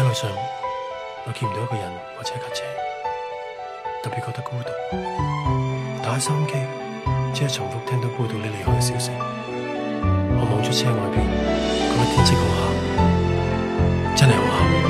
一路上我見唔到一個人或者一架車，特別覺得孤獨。打開收音機，只係重複聽到報道你離開嘅消息。我望住車外邊，覺得天色好黑，真係好黑。